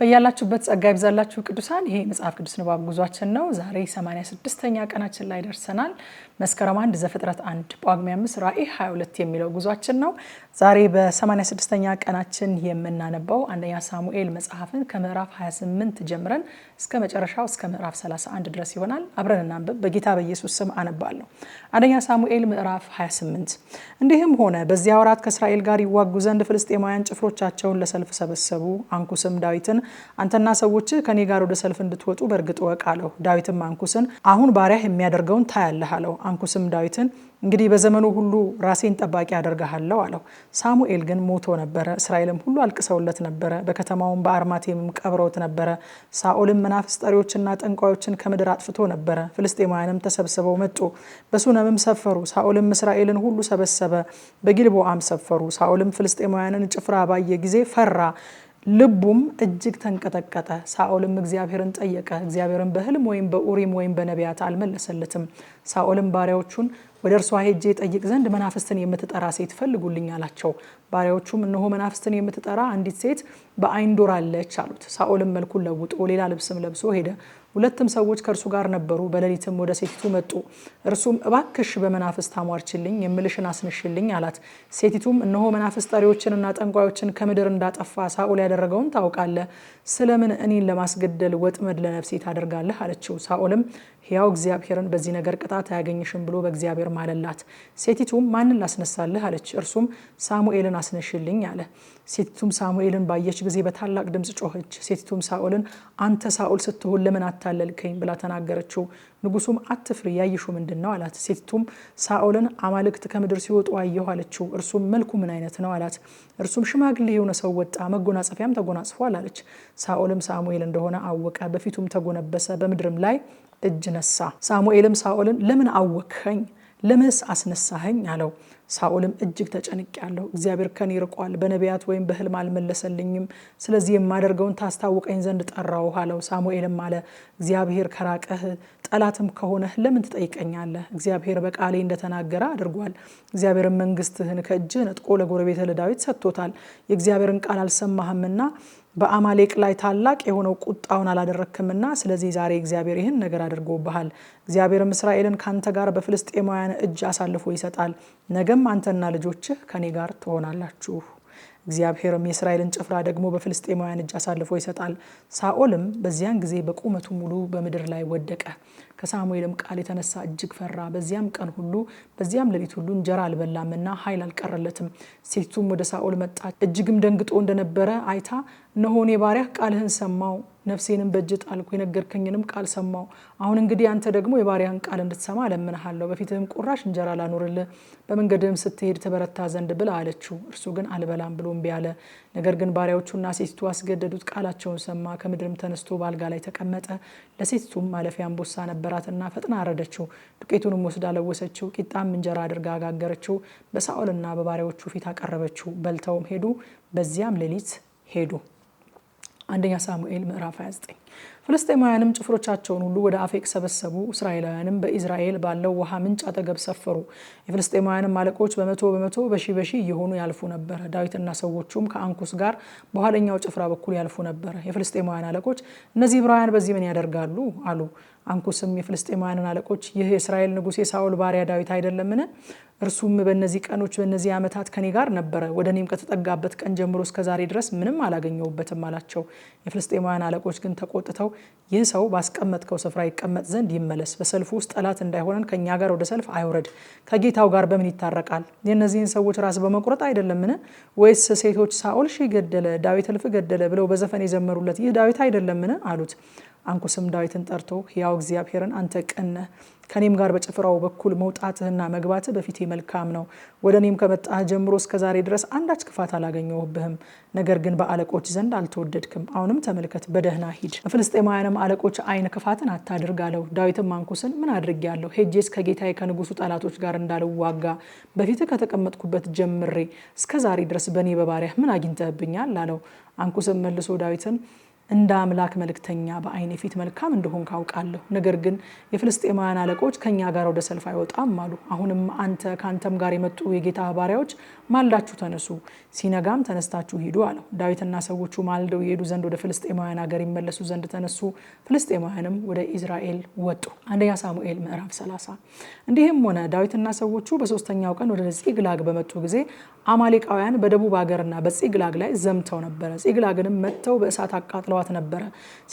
በያላችሁበት ጸጋ ይብዛላችሁ ቅዱሳን። ይሄ መጽሐፍ ቅዱስ ንባብ ጉዟችን ነው። ዛሬ 86ኛ ቀናችን ላይ ደርሰናል። መስከረም አንድ ዘፍጥረት 1 ጳጉሜ 5 ራዕይ 22 የሚለው ጉዟችን ነው። ዛሬ በ86ኛ ቀናችን የምናነባው አንደኛ ሳሙኤል መጽሐፍን ከምዕራፍ 28 ጀምረን እስከ መጨረሻው እስከ ምዕራፍ 31 ድረስ ይሆናል። አብረን እናንብብ። በጌታ በኢየሱስ ስም አነባለሁ። አንደኛ ሳሙኤል ምዕራፍ 28 እንዲህም ሆነ በዚያ ወራት ከእስራኤል ጋር ይዋጉ ዘንድ ፍልስጤማውያን ጭፍሮቻቸውን ለሰልፍ ሰበሰቡ። አንኩስም ዳዊትን አንተና ሰዎች ከኔ ጋር ወደ ሰልፍ እንድትወጡ በእርግጥ ወቅ አለው። ዳዊትም አንኩስን አሁን ባሪያህ የሚያደርገውን ታያለህ አለው። አንኩስም ዳዊትን እንግዲህ በዘመኑ ሁሉ ራሴን ጠባቂ አደርግሃለሁ አለው። ሳሙኤል ግን ሞቶ ነበረ። እስራኤልም ሁሉ አልቅሰውለት ነበረ። በከተማውም በአርማቴምም ቀብረውት ነበረ። ሳኦልም መናፍስ ጠሪዎችና ጠንቋዮችን ከምድር አጥፍቶ ነበረ። ፍልስጤማውያንም ተሰብስበው መጡ፣ በሱነምም ሰፈሩ። ሳኦልም እስራኤልን ሁሉ ሰበሰበ፣ በጊልቦአም ሰፈሩ። ሳኦልም ፍልስጤማውያንን ጭፍራ ባየ ጊዜ ፈራ። ልቡም እጅግ ተንቀጠቀጠ። ሳኦልም እግዚአብሔርን ጠየቀ። እግዚአብሔርን በሕልም ወይም በኡሪም ወይም በነቢያት አልመለሰለትም። ሳኦልም ባሪያዎቹን ወደ እርሷ ሄጄ ጠይቅ ዘንድ መናፍስትን የምትጠራ ሴት ፈልጉልኝ አላቸው። ባሪያዎቹም እነሆ መናፍስትን የምትጠራ አንዲት ሴት በአይንዶር አለች አሉት። ሳኦልም መልኩን ለውጦ ሌላ ልብስም ለብሶ ሄደ። ሁለትም ሰዎች ከእርሱ ጋር ነበሩ። በሌሊትም ወደ ሴቲቱ መጡ። እርሱም እባክሽ በመናፍስ ታሟርችልኝ የምልሽን አስንሽልኝ አላት። ሴቲቱም እነሆ መናፍስ ጠሪዎችንና ጠንቋዮችን ከምድር እንዳጠፋ ሳኦል ያደረገውን ታውቃለህ። ስለምን እኔን ለማስገደል ወጥመድ ለነፍሴ ታደርጋለህ? አለችው። ሳኦልም ሕያው እግዚአብሔርን በዚህ ነገር ቅጣት አያገኝሽም ብሎ በእግዚአብሔር ማለላት። ሴቲቱም ማንን ላስነሳልህ አለች። እርሱም ሳሙኤልን አስነሽልኝ አለ። ሴቲቱም ሳሙኤልን ባየች ጊዜ በታላቅ ድምፅ ጮኸች። ሴቲቱም ሳኦልን አንተ ሳኦል ስትሆን ለምን አታለልከኝ ብላ ተናገረችው። ንጉሱም አትፍሪ፣ ያይሹ ምንድን ነው አላት። ሴቲቱም ሳኦልን አማልክት ከምድር ሲወጡ አየሁ አለችው። እርሱም መልኩ ምን አይነት ነው አላት። እርሱም ሽማግሌ የሆነ ሰው ወጣ፣ መጎናጸፊያም ተጎናጽፏል አለች። ሳኦልም ሳሙኤል እንደሆነ አወቀ፣ በፊቱም ተጎነበሰ፣ በምድርም ላይ እጅ ነሳ። ሳሙኤልም ሳኦልን ለምን አወክኸኝ? ለምንስ አስነሳኸኝ አለው። ሳኦልም እጅግ ተጨንቄያለሁ፣ እግዚአብሔር ከኔ ይርቋል፣ በነቢያት ወይም በሕልም አልመለሰልኝም። ስለዚህ የማደርገውን ታስታውቀኝ ዘንድ ጠራሁህ አለው። ሳሙኤልም አለ እግዚአብሔር ከራቀህ ጠላትም ከሆነህ ለምን ትጠይቀኛለህ? እግዚአብሔር በቃሌ እንደተናገረ አድርጓል። እግዚአብሔርን መንግስትህን ከእጅህ ነጥቆ ለጎረቤተ ለዳዊት ሰጥቶታል። የእግዚአብሔርን ቃል አልሰማህምና በአማሌቅ ላይ ታላቅ የሆነው ቁጣውን አላደረክምና፣ ስለዚህ ዛሬ እግዚአብሔር ይህን ነገር አድርጎብሃል። እግዚአብሔርም እስራኤልን ካንተ ጋር በፍልስጤማውያን እጅ አሳልፎ ይሰጣል። ነገም አንተና ልጆችህ ከኔ ጋር ትሆናላችሁ። እግዚአብሔርም የእስራኤልን ጭፍራ ደግሞ በፍልስጤማውያን እጅ አሳልፎ ይሰጣል። ሳኦልም በዚያን ጊዜ በቁመቱ ሙሉ በምድር ላይ ወደቀ። ከሳሙኤልም ቃል የተነሳ እጅግ ፈራ። በዚያም ቀን ሁሉ በዚያም ሌሊት ሁሉ እንጀራ አልበላምና ኃይል አልቀረለትም። ሴቱም ወደ ሳኦል መጣች። እጅግም ደንግጦ እንደነበረ አይታ እነሆ እኔ ባሪያህ ቃልህን ሰማው ነፍሴንም በእጅ ጣልኩ፣ የነገርከኝንም ቃል ሰማው። አሁን እንግዲህ አንተ ደግሞ የባሪያህን ቃል እንድትሰማ እለምንሃለሁ፣ በፊትህም ቁራሽ እንጀራ ላኑርልህ፣ በመንገድህም ስትሄድ ትበረታ ዘንድ ብላ አለችው። እርሱ ግን አልበላም ብሎ እምቢ አለ። ነገር ግን ባሪያዎቹና ሴቲቱ አስገደዱት፣ ቃላቸውን ሰማ። ከምድርም ተነስቶ በአልጋ ላይ ተቀመጠ። ለሴቲቱም ማለፊያ አንበሳ ነበራትና ፈጥና አረደችው፣ ዱቄቱንም ወስዳ ለወሰችው፣ ቂጣም እንጀራ አድርጋ አጋገረችው፣ በሳኦልና በባሪያዎቹ ፊት አቀረበችው። በልተውም ሄዱ፣ በዚያም ሌሊት ሄዱ። አንደኛ ሳሙኤል ምዕራፍ 29 ፍልስጤማውያንም ጭፍሮቻቸውን ሁሉ ወደ አፌቅ ሰበሰቡ። እስራኤላውያንም በኢዝራኤል ባለው ውሃ ምንጭ አጠገብ ሰፈሩ። የፍልስጤማውያንም አለቆች በመቶ በመቶ በሺ በሺ እየሆኑ ያልፉ ነበረ። ዳዊትና ሰዎቹም ከአንኩስ ጋር በኋለኛው ጭፍራ በኩል ያልፉ ነበረ። የፍልስጤማውያን አለቆች እነዚህ ዕብራውያን በዚህ ምን ያደርጋሉ አሉ። አንኩስም የፍልስጤማውያንን አለቆች ይህ የእስራኤል ንጉሥ የሳውል ባሪያ ዳዊት አይደለምን? እርሱም በእነዚህ ቀኖች በእነዚህ ዓመታት ከኔ ጋር ነበረ። ወደ እኔም ከተጠጋበት ቀን ጀምሮ እስከ ዛሬ ድረስ ምንም አላገኘውበትም አላቸው። የፍልስጤማውያን አለቆች ግን ተቆጥተው ይህ ሰው ባስቀመጥከው ስፍራ ይቀመጥ ዘንድ ይመለስ፣ በሰልፉ ውስጥ ጠላት እንዳይሆነን ከእኛ ጋር ወደ ሰልፍ አይውረድ፣ ከጌታው ጋር በምን ይታረቃል? የእነዚህን ሰዎች ራስ በመቁረጥ አይደለምን? ወይስ ሴቶች ሳኦል ሺ ገደለ፣ ዳዊት እልፍ ገደለ ብለው በዘፈን የዘመሩለት ይህ ዳዊት አይደለምን? አሉት። አንኩስም ዳዊትን ጠርቶ ሕያው እግዚአብሔርን አንተ ቅን ነህ ከኔም ጋር በጭፍራው በኩል መውጣትህና መግባትህ በፊቴ መልካም ነው። ወደ እኔም ከመጣህ ጀምሮ እስከ ዛሬ ድረስ አንዳች ክፋት አላገኘሁብህም። ነገር ግን በአለቆች ዘንድ አልተወደድክም። አሁንም ተመልከት፣ በደህና ሂድ፣ በፍልስጤማውያንም አለቆች አይን ክፋትን አታድርግ አለው። ዳዊትም አንኩስን ምን አድርጌያለሁ? ሄጄስ ከጌታዬ ከንጉሱ ጠላቶች ጋር እንዳልዋጋ በፊትህ ከተቀመጥኩበት ጀምሬ እስከ ዛሬ ድረስ በእኔ በባሪያህ ምን አግኝተህብኛል? አለው። አንኩስም መልሶ ዳዊትን እንደ አምላክ መልእክተኛ በአይን ፊት መልካም እንደሆን ካውቃለሁ። ነገር ግን የፍልስጤማውያን አለቆች ከእኛ ጋር ወደ ሰልፍ አይወጣም አሉ። አሁንም አንተ ከአንተም ጋር የመጡ የጌታ ባሪያዎች ማልዳችሁ ተነሱ፣ ሲነጋም ተነስታችሁ ሂዱ አለው። ዳዊትና ሰዎቹ ማልደው ይሄዱ ዘንድ ወደ ፍልስጤማውያን ሀገር ይመለሱ ዘንድ ተነሱ። ፍልስጤማውያንም ወደ ኢዝራኤል ወጡ። አንደኛ ሳሙኤል ምዕራፍ 30። እንዲህም ሆነ ዳዊትና ሰዎቹ በሶስተኛው ቀን ወደ ጺግላግ በመጡ ጊዜ አማሌቃውያን በደቡብ ሀገርና በጺግላግ ላይ ዘምተው ነበረ። ጺግላግንም መጥተው በእሳት አቃጥለዋት ነበረ።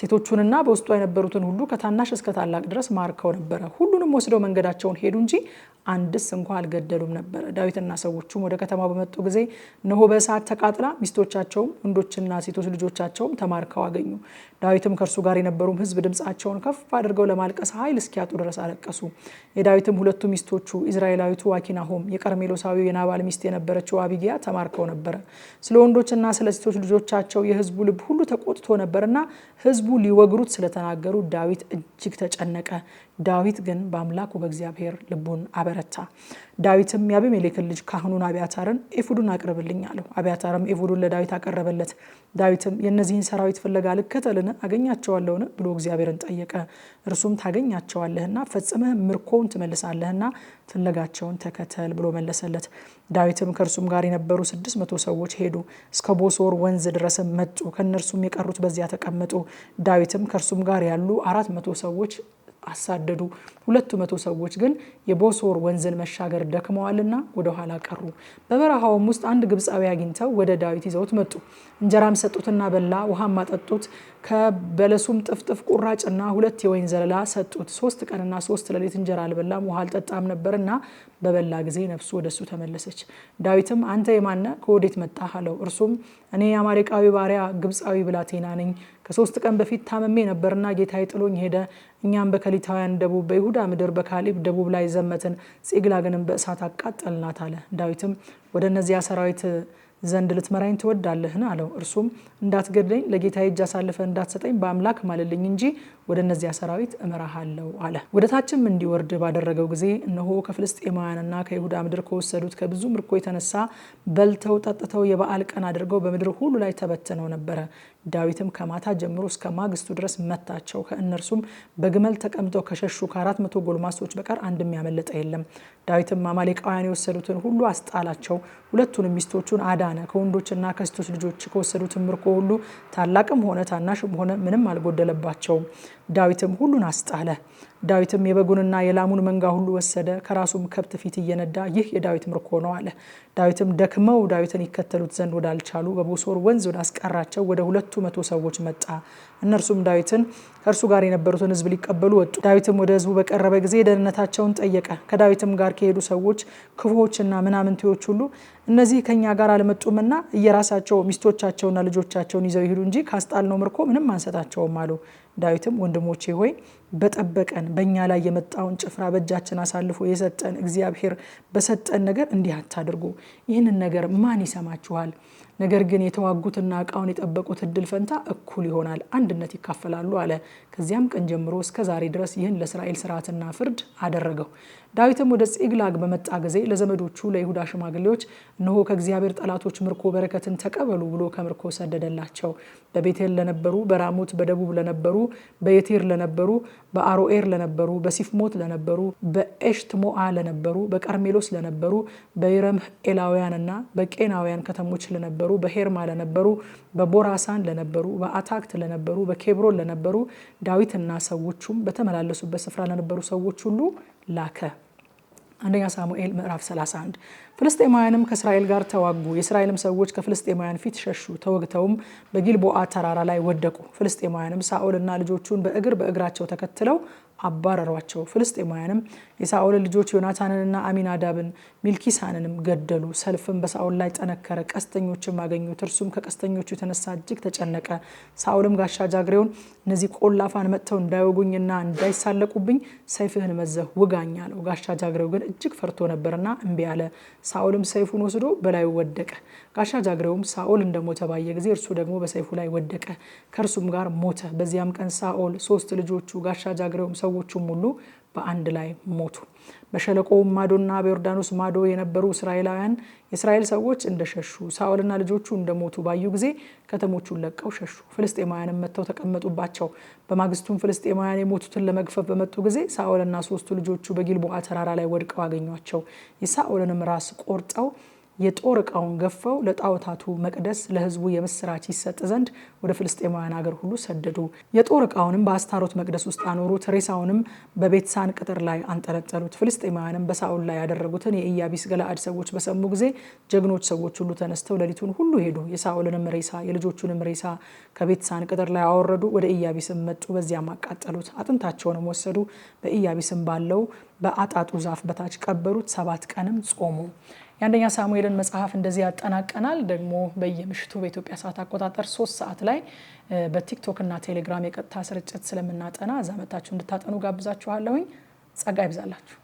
ሴቶቹንና በውስጧ የነበሩትን ሁሉ ከታናሽ እስከ ታላቅ ድረስ ማርከው ነበረ። ሁሉንም ወስደው መንገዳቸውን ሄዱ እንጂ አንድስ እንኳ አልገደሉም ነበረ። ዳዊትና ሰዎቹም ወደ ከተማ ከተማ በመጡ ጊዜ ንሆ በእሳት ተቃጥላ ሚስቶቻቸውም ወንዶችና ሴቶች ልጆቻቸውም ተማርከው አገኙ። ዳዊትም ከእርሱ ጋር የነበሩም ሕዝብ ድምፃቸውን ከፍ አድርገው ለማልቀስ ኃይል እስኪያጡ ድረስ አለቀሱ። የዳዊትም ሁለቱ ሚስቶቹ ኢዝራኤላዊቱ አኪናሆም፣ የቀርሜሎሳዊው የናባል ሚስት የነበረችው አቢጊያ ተማርከው ነበረ። ስለ ወንዶችና ስለ ሴቶች ልጆቻቸው የሕዝቡ ልብ ሁሉ ተቆጥቶ ነበርና ሕዝቡ ሊወግሩት ስለተናገሩ ዳዊት እጅግ ተጨነቀ። ዳዊት ግን በአምላኩ በእግዚአብሔር ልቡን አበረታ። ዳዊትም የአቢሜሌክን ልጅ ካህኑን አብያታርን አብያታርን ኤፉዱን አቅርብልኝ አለው። አብያታርም ኤፉዱን ለዳዊት አቀረበለት። ዳዊትም የእነዚህን ሰራዊት ፍለጋ ልከተልን አገኛቸዋለሁን ብሎ እግዚአብሔርን ጠየቀ። እርሱም ታገኛቸዋለህና ፈጽመህ ምርኮውን ትመልሳለህና ፍለጋቸውን ተከተል ብሎ መለሰለት። ዳዊትም ከእርሱም ጋር የነበሩ ስድስት መቶ ሰዎች ሄዱ፣ እስከ ቦሶር ወንዝ ድረስም መጡ። ከእነርሱም የቀሩት በዚያ ተቀመጡ። ዳዊትም ከእርሱም ጋር ያሉ አራት መቶ ሰዎች አሳደዱ። ሁለቱ መቶ ሰዎች ግን የቦሶር ወንዝን መሻገር ደክመዋልና ወደኋላ ቀሩ። በበረሃውም ውስጥ አንድ ግብፃዊ አግኝተው ወደ ዳዊት ይዘውት መጡ። እንጀራም ሰጡትና በላ፣ ውሃም አጠጡት። ከበለሱም ጥፍጥፍ ቁራጭና ሁለት የወይን ዘለላ ሰጡት። ሶስት ቀንና ሶስት ሌሊት እንጀራ አልበላም ውሃ አልጠጣም ነበርና በበላ ጊዜ ነፍሱ ወደሱ ተመለሰች። ዳዊትም አንተ የማነ ከወዴት መጣህ? አለው። እርሱም እኔ የአማሪቃዊ ባሪያ ግብፃዊ ብላቴና ነኝ ከሶስት ቀን በፊት ታመሜ ነበርና ጌታ ይጥሎኝ ሄደ። እኛም በከሊታውያን ደቡብ በይሁዳ ምድር በካሊብ ደቡብ ላይ ዘመትን፣ ጺቅላግንም በእሳት አቃጠልናት አለ። ዳዊትም ወደ እነዚያ ሰራዊት ዘንድ ልትመራኝ ትወዳለህን? አለው። እርሱም እንዳትገድለኝ፣ ለጌታ እጅ አሳልፈ እንዳትሰጠኝ በአምላክ ማልልኝ እንጂ ወደ እነዚያ ሰራዊት እመራሃለው አለ። ወደ ታችም እንዲወርድ ባደረገው ጊዜ እነሆ ከፍልስጤማውያንና ከይሁዳ ምድር ከወሰዱት ከብዙ ምርኮ የተነሳ በልተው ጠጥተው የበዓል ቀን አድርገው በምድር ሁሉ ላይ ተበትነው ነበረ። ዳዊትም ከማታ ጀምሮ እስከ ማግስቱ ድረስ መታቸው። ከእነርሱም በግመል ተቀምጠው ከሸሹ ከአራት መቶ ጎልማሶች በቀር አንድም ያመለጠ የለም። ዳዊትም አማሌቃውያን የወሰዱትን ሁሉ አስጣላቸው፣ ሁለቱንም ሚስቶቹን አዳነ። ከወንዶችና ከሴቶች ልጆች ከወሰዱትን ምርኮ ሁሉ ታላቅም ሆነ ታናሽም ሆነ ምንም አልጎደለባቸውም። ዳዊትም ሁሉን አስጣለ። ዳዊትም የበጉንና የላሙን መንጋ ሁሉ ወሰደ፣ ከራሱም ከብት ፊት እየነዳ ይህ የዳዊት ምርኮ ነው አለ። ዳዊትም ደክመው ዳዊትን ይከተሉት ዘንድ ወዳልቻሉ በቦሶር ወንዝ ወዳስቀራቸው ወደ ሁለቱ መቶ ሰዎች መጣ። እነርሱም ዳዊትን ከእርሱ ጋር የነበሩትን ሕዝብ ሊቀበሉ ወጡ። ዳዊትም ወደ ሕዝቡ በቀረበ ጊዜ ደህንነታቸውን ጠየቀ። ከዳዊትም ጋር ከሄዱ ሰዎች ክፉዎችና ምናምንቴዎች ሁሉ እነዚህ ከኛ ጋር አልመጡምና እየራሳቸው ሚስቶቻቸውና ልጆቻቸውን ይዘው ይሄዱ እንጂ ካስጣልነው ምርኮ ምንም አንሰጣቸውም አሉ። ዳዊትም ወንድሞቼ ሆይ በጠበቀን በእኛ ላይ የመጣውን ጭፍራ በእጃችን አሳልፎ የሰጠን እግዚአብሔር በሰጠን ነገር እንዲህ አታድርጉ፣ ይህንን ነገር ማን ይሰማችኋል? ነገር ግን የተዋጉትና እቃውን የጠበቁት እድል ፈንታ እኩል ይሆናል፣ አንድነት ይካፈላሉ አለ። ከዚያም ቀን ጀምሮ እስከ ዛሬ ድረስ ይህን ለእስራኤል ስርዓትና ፍርድ አደረገው። ዳዊትም ወደ ጺግላግ በመጣ ጊዜ ለዘመዶቹ ለይሁዳ ሽማግሌዎች እነሆ ከእግዚአብሔር ጠላቶች ምርኮ በረከትን ተቀበሉ ብሎ ከምርኮ ሰደደላቸው። በቤቴል ለነበሩ፣ በራሞት በደቡብ ለነበሩ፣ በየቴር ለነበሩ፣ በአሮኤር ለነበሩ፣ በሲፍሞት ለነበሩ፣ በኤሽትሞአ ለነበሩ፣ በቀርሜሎስ ለነበሩ፣ በይረምህ ኤላውያንና በቄናውያን ከተሞች ለነበሩ ለነበሩ፣ በሄርማ ለነበሩ፣ በቦራሳን ለነበሩ፣ በአታክት ለነበሩ፣ በኬብሮን ለነበሩ ዳዊትና ሰዎቹም በተመላለሱበት ስፍራ ለነበሩ ሰዎች ሁሉ ላከ። አንደኛ ሳሙኤል ምዕራፍ 31 ፍልስጤማውያንም ከእስራኤል ጋር ተዋጉ። የእስራኤልም ሰዎች ከፍልስጤማውያን ፊት ሸሹ፣ ተወግተውም በጊልቦአ ተራራ ላይ ወደቁ። ፍልስጤማውያንም ሳኦልና ልጆቹን በእግር በእግራቸው ተከትለው አባረሯቸው። ፍልስጤማውያንም የሳኦል ልጆች ዮናታንንና አሚናዳብን ሚልኪሳንንም ገደሉ። ሰልፍም በሳኦል ላይ ጠነከረ፣ ቀስተኞችም አገኙት። እርሱም ከቀስተኞቹ የተነሳ እጅግ ተጨነቀ። ሳኦልም ጋሻ ጃግሬውን እነዚህ ቆላፋን መጥተው እንዳይወጉኝና እንዳይሳለቁብኝ ሰይፍህን መዘህ ውጋኝ አለው። ጋሻ ጃግሬው ግን እጅግ ፈርቶ ነበርና እምቢ አለ። ሳኦልም ሰይፉን ወስዶ በላዩ ወደቀ። ጋሻ ጃግሬውም ሳኦል እንደሞተ ባየ ጊዜ እርሱ ደግሞ በሰይፉ ላይ ወደቀ፣ ከእርሱም ጋር ሞተ። በዚያም ቀን ሳኦል ሶስት ልጆቹ ጋሻ ጃግሬውም ሰው ሰዎቹም ሁሉ በአንድ ላይ ሞቱ። በሸለቆው ማዶና በዮርዳኖስ ማዶ የነበሩ እስራኤላውያን የእስራኤል ሰዎች እንደሸሹ ሳኦልና ልጆቹ እንደሞቱ ባዩ ጊዜ ከተሞቹን ለቀው ሸሹ። ፍልስጤማውያንም መጥተው ተቀመጡባቸው። በማግስቱም ፍልስጤማውያን የሞቱትን ለመግፈፍ በመጡ ጊዜ ሳኦልና ሶስቱ ልጆቹ በጊልቦአ ተራራ ላይ ወድቀው አገኟቸው። የሳኦልንም ራስ ቆርጠው የጦር እቃውን ገፈው ለጣዖታቱ መቅደስ ለህዝቡ የምስራች ይሰጥ ዘንድ ወደ ፍልስጤማውያን አገር ሁሉ ሰደዱ። የጦር ዕቃውንም በአስታሮት መቅደስ ውስጥ አኖሩት። ሬሳውንም በቤትሳን ቅጥር ላይ አንጠለጠሉት። ፍልስጤማውያንም በሳኦል ላይ ያደረጉትን የኢያቢስ ገላአድ ሰዎች በሰሙ ጊዜ ጀግኖች ሰዎች ሁሉ ተነስተው ሌሊቱን ሁሉ ሄዱ። የሳኦልንም ሬሳ የልጆቹንም ሬሳ ከቤትሳን ቅጥር ላይ አወረዱ። ወደ ኢያቢስም መጡ። በዚያም አቃጠሉት። አጥንታቸውንም ወሰዱ። በኢያቢስም ባለው በአጣጡ ዛፍ በታች ቀበሩት፣ ሰባት ቀንም ጾሙ። የአንደኛ ሳሙኤልን መጽሐፍ እንደዚህ ያጠናቀናል። ደግሞ በየምሽቱ በኢትዮጵያ ሰዓት አቆጣጠር ሶስት ሰዓት ላይ በቲክቶክ እና ቴሌግራም የቀጥታ ስርጭት ስለምናጠና እዛ መታችሁ እንድታጠኑ ጋብዛችኋለሁኝ። ጸጋ ይብዛላችሁ።